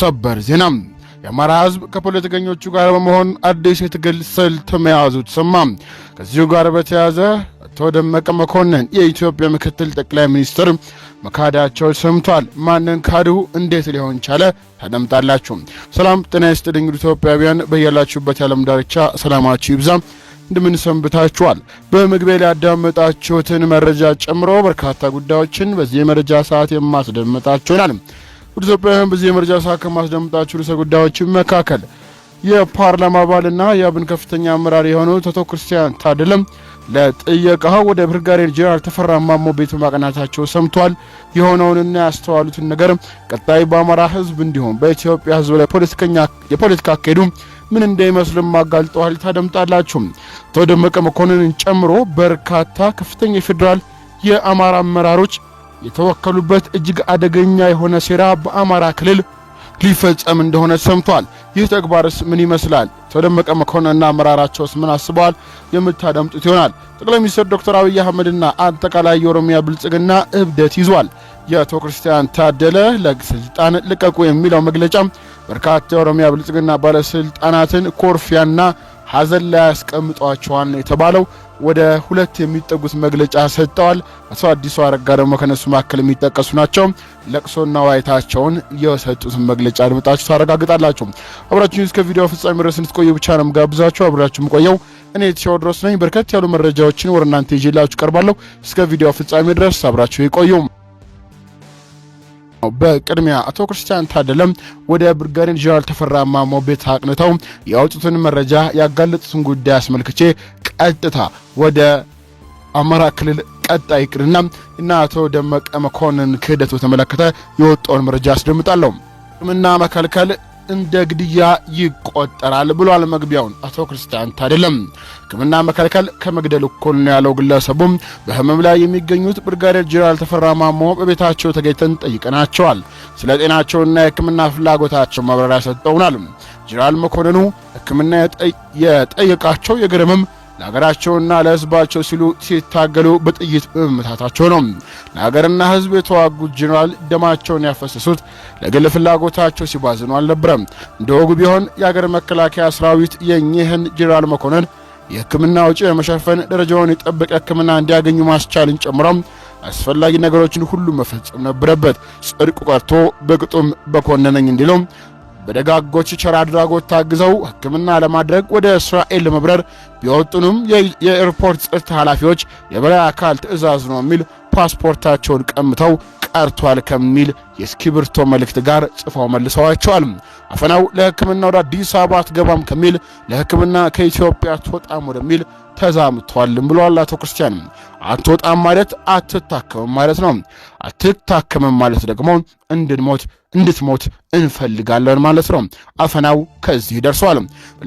ሰበር ዜና የአማራ ህዝብ ከፖለቲከኞቹ ጋር በመሆን አዲስ የትግል ስልት መያዙ ተሰማ። ከዚሁ ጋር በተያያዘ አቶ ደመቀ መኮንን የኢትዮጵያ ምክትል ጠቅላይ ሚኒስትር መካዳቸው ሰምቷል። ማንን ካድሁ? እንዴት ሊሆን ቻለ? ታደምጣላችሁ። ሰላም ጤና ይስጥልኝ ኢትዮጵያውያን፣ በያላችሁበት የዓለም ዳርቻ ሰላማችሁ ይብዛ። እንደምንሰንብታችኋል። በመግቢያ ላይ ያዳመጣችሁትን መረጃ ጨምሮ በርካታ ጉዳዮችን በዚህ መረጃ ሰዓት የማስደምጣችሁ ይሆናል። ወደ ኢትዮጵያውያን በዚህ የመረጃ ሰዓት ከማስደምጣችሁ ርዕሰ ጉዳዮች መካከል የፓርላማ አባልና የአብን ከፍተኛ አመራር የሆኑት አቶ ክርስቲያን ታደለም ለጥየቃ ወደ ብርጋዴር ጄኔራል ተፈራ ማሞ ቤት ማቅናታቸው ሰምቷል። የሆነውንና ያስተዋሉትን ነገር ቀጣይ በአማራ ሕዝብ እንዲሁም በኢትዮጵያ ሕዝብ ላይ የፖለቲካ አካሄዱ ምን እንደሚመስልም አጋልጠዋል። ታደምጣላችሁ። አቶ ደመቀ መኮንንን ጨምሮ በርካታ ከፍተኛ የፌዴራል የአማራ አመራሮች የተወከሉበት እጅግ አደገኛ የሆነ ሴራ በአማራ ክልል ሊፈጸም እንደሆነ ሰምቷል። ይህ ተግባርስ ምን ይመስላል? ተደመቀ ደመቀ መኮንንና አመራራቸውስ ምን አስበዋል? የምታደምጡት ይሆናል። ጠቅላይ ሚኒስትር ዶክተር አብይ አህመድና አጠቃላይ የኦሮሚያ ብልጽግና እብደት ይዟል። የአቶ ክርስቲያን ታደለ ለስልጣን ልቀቁ የሚለው መግለጫ በርካታ የኦሮሚያ ብልጽግና ባለስልጣናትን ኮርፊያና ሀዘን ላይ ያስቀምጧቸዋል ነው የተባለው። ወደ ሁለት የሚጠጉት መግለጫ ሰጥተዋል። አቶ አዲሱ አረጋ ደግሞ ከነሱ መካከል የሚጠቀሱ ናቸው። ለቅሶና ዋይታቸውን የሰጡትን መግለጫ አድምጣችሁ ታረጋግጣላችሁ። አብራችሁ እስከ ቪዲዮ ፍጻሜ ድረስ እንድትቆዩ ብቻ ነው ምጋብዛችሁ። አብራችሁ የምቆየው እኔ ቴዎድሮስ ነኝ። በርከት ያሉ መረጃዎችን ወደ እናንተ ይዤላችሁ ቀርባለሁ። እስከ ቪዲዮ ፍጻሜ ድረስ አብራችሁ ይቆዩም። በቅድሚያ አቶ ክርስቲያን ታደለም ወደ ብርጋዴር ጄኔራል ተፈራ ማሞ ቤት አቅንተው ያወጡትን መረጃ ያጋለጡትን ጉዳይ አስመልክቼ ቀጥታ ወደ አማራ ክልል ቀጣይ እቅድና እና አቶ ደመቀ መኮንን ክህደት በተመለከተ የወጣውን መረጃ አስደምጣለሁ። ምና መከልከል እንደ ግድያ ይቆጠራል ብሏል። መግቢያውን አቶ ክርስቲያን ታደለም ሕክምና መከልከል ከመግደል እኩል ነው ያለው ግለሰቡም በህመም ላይ የሚገኙት ብርጋዴር ጄኔራል ተፈራ ማሞ በቤታቸው ተገኝተን ጠይቀናቸዋል። ስለ ጤናቸውና የሕክምና ፍላጎታቸው ማብራሪያ ሰጠውናል። ጄኔራል መኮንኑ ሕክምና የጠየቃቸው የግርምም ለሀገራቸውና ለሕዝባቸው ሲሉ ሲታገሉ በጥይት በመመታታቸው ነው። ለሀገርና ሕዝብ የተዋጉት ጄኔራል ደማቸውን ያፈሰሱት ለግል ፍላጎታቸው ሲባዝኑ አልነበረም። እንደ ወጉ ቢሆን የሀገር መከላከያ ሰራዊት የኚህን ጄኔራል መኮንን የሕክምና ውጪ የመሸፈን ደረጃውን የጠበቀ ሕክምና እንዲያገኙ ማስቻልን ጨምሮም አስፈላጊ ነገሮችን ሁሉ መፈጸም ነበረበት። ጽድቁ ቀርቶ በቅጡም በኮነነኝ እንዲሉም በደጋጎች ቸር አድራጎት ታግዘው ሕክምና ለማድረግ ወደ እስራኤል ለመብረር ቢወጡንም የኤርፖርት ጸጥታ ኃላፊዎች የበላይ አካል ትዕዛዝ ነው የሚል ፓስፖርታቸውን ቀምተው ቀርቷል ከሚል የእስክሪብቶ መልእክት ጋር ጽፈው መልሰዋቸዋል። አፈናው ለሕክምና ወደ አዲስ አበባ አትገባም ከሚል ለሕክምና ከኢትዮጵያ ትወጣም ወደሚል ተዛምቷልም ብለዋል አቶ ክርስቲያን። አትወጣም ማለት አትታከምም ማለት ነው። አትታከምም ማለት ደግሞ እንድንሞት እንድትሞት እንፈልጋለን ማለት ነው። አፈናው ከዚህ ደርሷል።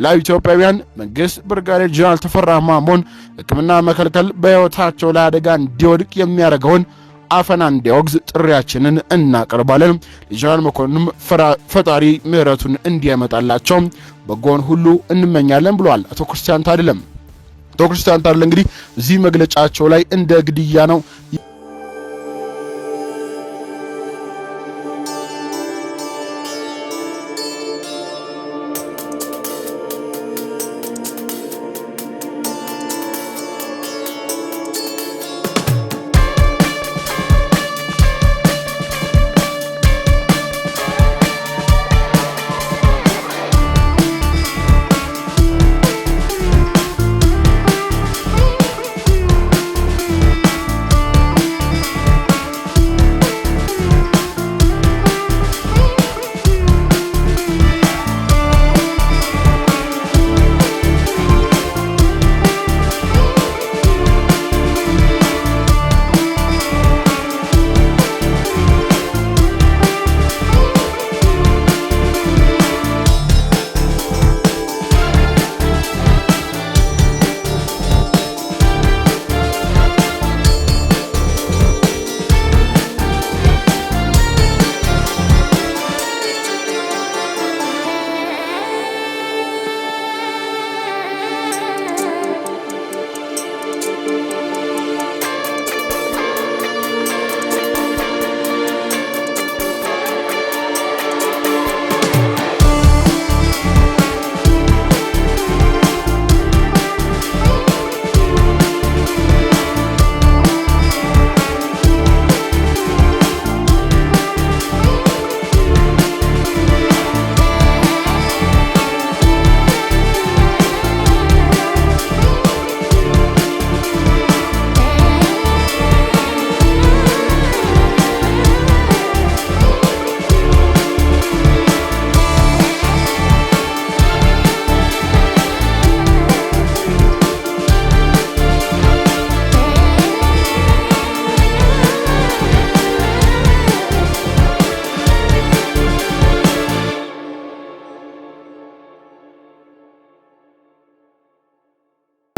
ላ ኢትዮጵያውያን መንግስት ብርጋዴር ጀነራል ተፈራ ማሞን ሕክምና መከልከል በሕይወታቸው ላይ አደጋ እንዲወድቅ የሚያደርገውን አፈና እንዲያወግዝ ጥሪያችንን እናቀርባለን። ለጄኔራል መኮንንም ፈጣሪ ምሕረቱን እንዲያመጣላቸው በጎን ሁሉ እንመኛለን ብሏል። አቶ ክርስቲያን ታደለም አቶ ታለ ታደለ እንግዲህ እዚህ መግለጫቸው ላይ እንደ ግድያ ነው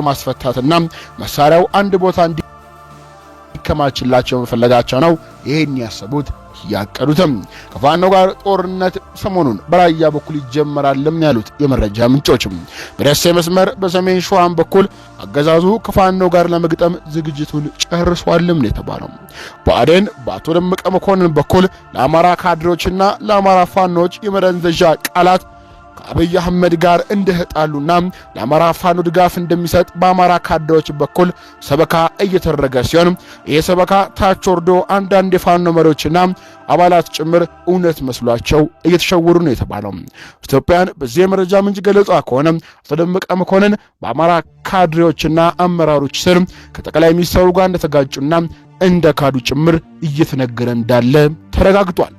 ማስፈታትና መሳሪያው አንድ ቦታ እንዲከማችላቸው መፈለጋቸው ነው ይህን ያሰቡት ያቀዱትም ከፋኖ ጋር ጦርነት ሰሞኑን በራያ በኩል ይጀመራልም ያሉት የመረጃ ምንጮች በደሴ መስመር በሰሜን ሸዋም በኩል አገዛዙ ከፋኖ ጋር ለመግጠም ዝግጅቱን ጨርሷልም ነው የተባለው። ብአዴን በአቶ ደመቀ መኮንን በኩል ለአማራ ካድሬዎችና ለአማራ ፋኖች የመደንዘዣ ቃላት ከአብይ አህመድ ጋር እንደህጣሉና ለአማራ ፋኖ ድጋፍ እንደሚሰጥ በአማራ ካድሬዎች በኩል ሰበካ እየተደረገ ሲሆን ይህ ሰበካ ታች ወርዶ አንዳንድ የፋኖ መሪዎችና አባላት ጭምር እውነት መስሏቸው እየተሸወሩ ነው የተባለው። ኢትዮጵያን በዚህ የመረጃ ምንጭ ገለጻ ከሆነ አቶ ደመቀ መኮንን በአማራ ካድሬዎችና አመራሮች ስር ከጠቅላይ ሚኒስትሩ ጋር እንደተጋጩና እንደካዱ ጭምር እየተነገረ እንዳለ ተረጋግጧል።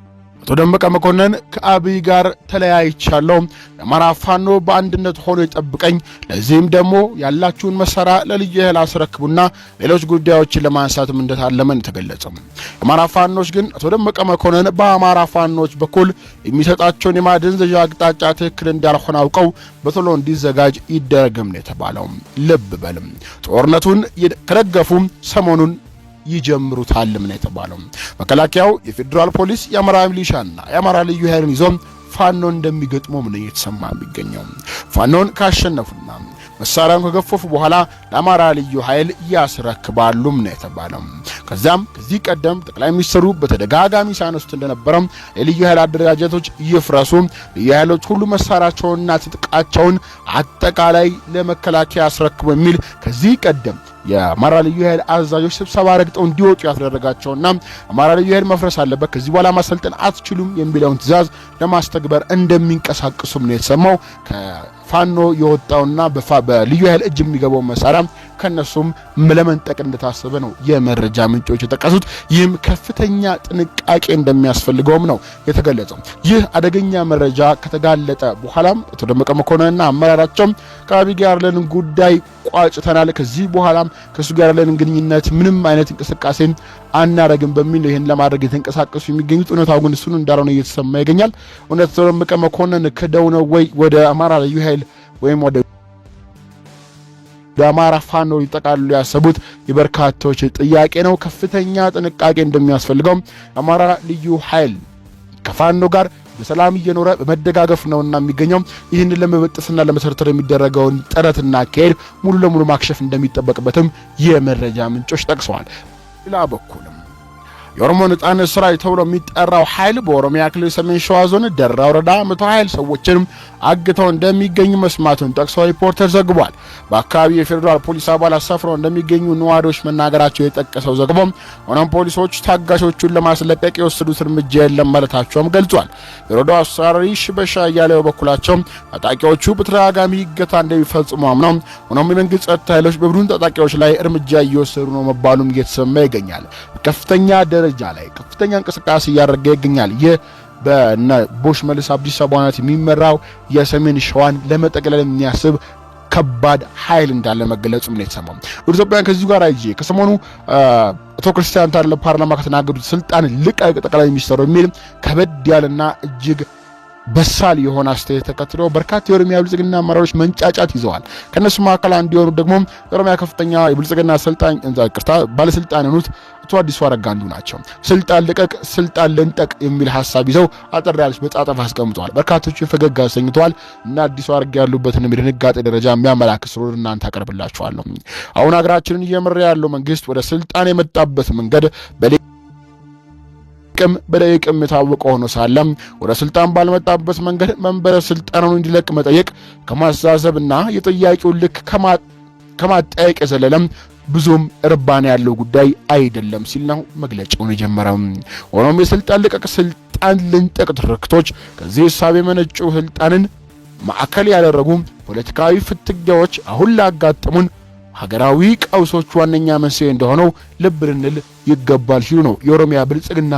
አቶ ደመቀ መኮንን ከአብይ ጋር ተለያይቻለሁ፣ የአማራ ፋኖ በአንድነት ሆኖ ይጠብቀኝ፣ ለዚህም ደግሞ ያላችሁን መሳሪያ ለልዩ ኃይል አስረክቡና ሌሎች ጉዳዮችን ለማንሳትም እንደታለመን ተገለጸ። የአማራ ፋኖች ግን አቶ ደመቀ መኮንን በአማራ ፋኖች በኩል የሚሰጣቸውን የማደንዘዣ አቅጣጫ ትክክል እንዳልሆነ አውቀው በቶሎ እንዲዘጋጅ ይደረግም ነው የተባለው። ልብ በልም ጦርነቱን ከደገፉ ሰሞኑን ይጀምሩታልም ነው የተባለው። መከላከያው፣ የፌዴራል ፖሊስ፣ የአማራ ሚሊሻና የአማራ ልዩ ኃይልን ይዞ ፋኖን እንደሚገጥመው ነው እየተሰማ የሚገኘው። ፋኖን ካሸነፉና መሳሪያውን ከገፈፉ በኋላ ለአማራ ልዩ ኃይል ያስረክባሉም ነው የተባለው። ከዚያም ከዚህ ቀደም ጠቅላይ ሚኒስትሩ በተደጋጋሚ ሲያነሱት እንደነበረም የልዩ ኃይል አደረጃጀቶች እየፍረሱ ልዩ ኃይሎች ሁሉ መሳሪያቸውንና ትጥቃቸውን አጠቃላይ ለመከላከያ ያስረክቡ የሚል ከዚህ ቀደም የአማራ ልዩ ኃይል አዛዦች ስብሰባ ረግጠው እንዲወጡ ያስደረጋቸውና አማራ ልዩ ኃይል መፍረስ አለበት፣ ከዚህ በኋላ ማሰልጠን አትችሉም የሚለውን ትዕዛዝ ለማስተግበር እንደሚንቀሳቀሱም ነው የተሰማው። ከፋኖ የወጣውና በልዩ ኃይል እጅ የሚገባው መሳሪያ ከእነሱም ለመንጠቅ እንደታሰበ ነው የመረጃ ምንጮች የጠቀሱት። ይህም ከፍተኛ ጥንቃቄ እንደሚያስፈልገውም ነው የተገለጸው። ይህ አደገኛ መረጃ ከተጋለጠ በኋላም አቶ ደመቀ መኮንንና አመራራቸው ከአቢ ጋር ያለን ጉዳይ ቋጭተናል፣ ከዚህ በኋላም ከእሱ ጋር ያለን ግንኙነት ምንም አይነት እንቅስቃሴን አናረግም በሚል ይህን ለማድረግ የተንቀሳቀሱ የሚገኙት እውነታው ግን እሱን እንዳልሆነ እየተሰማ ይገኛል። እውነት አቶ ደመቀ መኮንን ክደው ነው ወይ ወደ አማራ ልዩ ኃይል ወይም ወደ በአማራ ፋኖ ሊጠቃልሉ ያሰቡት የበርካታዎች ጥያቄ ነው። ከፍተኛ ጥንቃቄ እንደሚያስፈልገው አማራ ልዩ ኃይል ከፋኖ ጋር በሰላም እየኖረ በመደጋገፍ ነውና የሚገኘው። ይህንን ለመበጠስና ለመሰርተር የሚደረገውን ጥረትና አካሄድ ሙሉ ለሙሉ ማክሸፍ እንደሚጠበቅበትም የመረጃ ምንጮች ጠቅሰዋል። ሌላ በኩልም የኦሮሞ ነጻነት ስራ ተብሎ የሚጠራው ኃይል በኦሮሚያ ክልል ሰሜን ሸዋ ዞን ደራ ወረዳ መቶ ኃይል ሰዎችንም አግተው እንደሚገኙ መስማቱን ጠቅሶ ሪፖርተር ዘግቧል። በአካባቢው የፌዴራል ፖሊስ አባላት ሰፍረው እንደሚገኙ ነዋሪዎች መናገራቸው የጠቀሰው ዘግቦም ሆኖም ፖሊሶች ታጋሾቹን ለማስለቀቅ የወሰዱት እርምጃ የለም ማለታቸውም ገልጿል። የወረዳው አስተዳዳሪ ሽበሻ እያለው በበኩላቸው ታጣቂዎቹ በተደጋጋሚ እገታ እንደሚፈጽሙ አምነው ሆኖም የመንግስት ጸጥታ ኃይሎች በቡድን ታጣቂዎች ላይ እርምጃ እየወሰዱ ነው መባሉም እየተሰማ ይገኛል። ከፍተኛ ደ ደረጃ ላይ ከፍተኛ እንቅስቃሴ እያደረገ ይገኛል። ይህ በነ ቦሽ መልስ አብዲስ አበባናት የሚመራው የሰሜን ሸዋን ለመጠቅለል የሚያስብ ከባድ ኃይል እንዳለ መገለጹም ነው የተሰማው። ኢትዮጵያን ከዚሁ ጋር ይዤ ከሰሞኑ አቶ ክርስቲያን ታደለ ፓርላማ ከተናገዱት ስልጣን ልቀቅ ጠቅላይ ሚኒስትሩ የሚል ከበድ ያለና እጅግ በሳል የሆነ አስተያየት ተከትሎ በርካታ የኦሮሚያ ብልጽግና አመራሮች መንጫጫት ይዘዋል። ከእነሱ መካከል አንዱ የሆኑ ደግሞ የኦሮሚያ ከፍተኛ የብልጽግና አሰልጣኝ ቅርታ ባለስልጣን የሆኑት አቶ አዲሱ አረጋንዱ ናቸው። ስልጣን ልቀቅ፣ ስልጣን ልንጠቅ የሚል ሀሳብ ይዘው አጠር ያለች መጻጠፍ አስቀምጠዋል። በርካቶችን ፈገግ አሰኝተዋል እና አዲሱ አረጋ ያሉበትን የድንጋጤ ደረጃ የሚያመላክት ስሩ እናንተ አቀርብላችኋለሁ። አሁን ሀገራችንን እየመራ ያለው መንግስት ወደ ስልጣን የመጣበት መንገድ በሌ በጥቅም በደቂቅም የታወቀ ሆኖ ሳለም ወደ ስልጣን ባልመጣበት መንገድ መንበረ ስልጣኑን እንዲለቅ መጠየቅ ከማሳሰብና የጥያቄውን ልክ ከማጠያየቅ የዘለለም ብዙም እርባን ያለው ጉዳይ አይደለም ሲል ነው መግለጫውን የጀመረው። ሆኖም የስልጣን ልቀቅ ስልጣን ልንጠቅ ትርክቶች ከዚህ ሳብ የመነጩ ስልጣንን ማዕከል ያደረጉ ፖለቲካዊ ፍትጊያዎች አሁን ላጋጠሙን ሀገራዊ ቀውሶች ዋነኛ መንስኤ እንደሆነው ልብ ልንል ይገባል ሲሉ ነው የኦሮሚያ ብልጽግና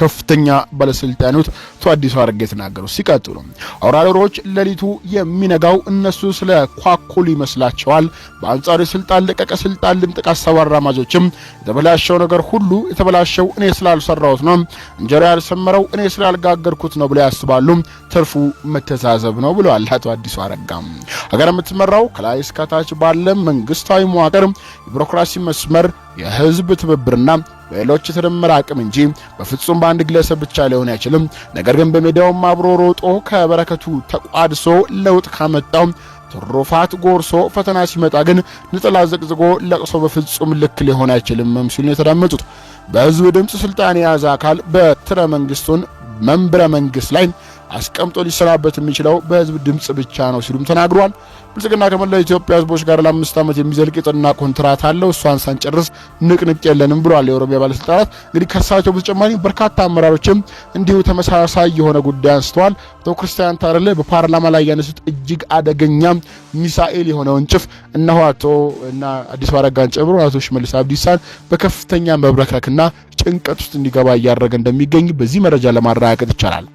ከፍተኛ ባለስልጣኖች አቶ አዲሱ አረጋ የተናገሩ ሲቀጥሉ አውራ ዶሮዎች ሌሊቱ የሚነጋው እነሱ ስለ ኳኩል ይመስላቸዋል። በአንጻሩ የስልጣን ለቀቀ ስልጣን ልምጥቅ ሀሳብ አራማጆችም የተበላሸው ነገር ሁሉ የተበላሸው እኔ ስላልሰራሁት ነው፣ እንጀራ ያልሰመረው እኔ ስላልጋገርኩት ነው ብለው ያስባሉ። ትርፉ መተዛዘብ ነው ብለዋል አቶ አዲሱ አረጋ። ሀገር የምትመራው ከላይ እስከታች ባለ መንግስታዊ መዋቅር የቢሮክራሲ መስመር የህዝብ ትብብርና በሌሎች ትርምር አቅም እንጂ በፍጹም በአንድ ግለሰብ ብቻ ሊሆን አይችልም። ነገር ግን በሜዳውም አብሮ ሮጦ ከበረከቱ ተቋድሶ ለውጥ ካመጣው ትሩፋት ጎርሶ ፈተና ሲመጣ ግን ንጥላ ዘቅዝቆ ለቅሶ በፍጹም ልክ ሊሆን አይችልም ሲሉ የተዳመጡት በህዝብ ድምፅ ስልጣን የያዘ አካል በትረ መንግስቱን መንብረ መንግስት ላይ አስቀምጦ ሊሰራበት የሚችለው በህዝብ ድምፅ ብቻ ነው ሲሉም ተናግሯል። ብልጽግና ከመላው ኢትዮጵያ ህዝቦች ጋር ለአምስት ዓመት የሚዘልቅ የጠና ኮንትራት አለው። እሷን ሳንጨርስ ንቅንቅ የለንም ብሏል የኦሮሚያ ባለስልጣናት። እንግዲህ ከሳቸው በተጨማሪ በርካታ አመራሮችም እንዲሁ ተመሳሳይ የሆነ ጉዳይ አንስተዋል። አቶ ክርስቲያን ታደለ በፓርላማ ላይ ያነሱት እጅግ አደገኛ ሚሳኤል የሆነውን ጭፍ እነሆ አቶ እና አዲስ አረጋን ጨምሮ አቶ ሽመልስ አብዲሳን በከፍተኛ መብረክረክና ጭንቀት ውስጥ እንዲገባ እያደረገ እንደሚገኝ በዚህ መረጃ ለማረጋገጥ ይቻላል።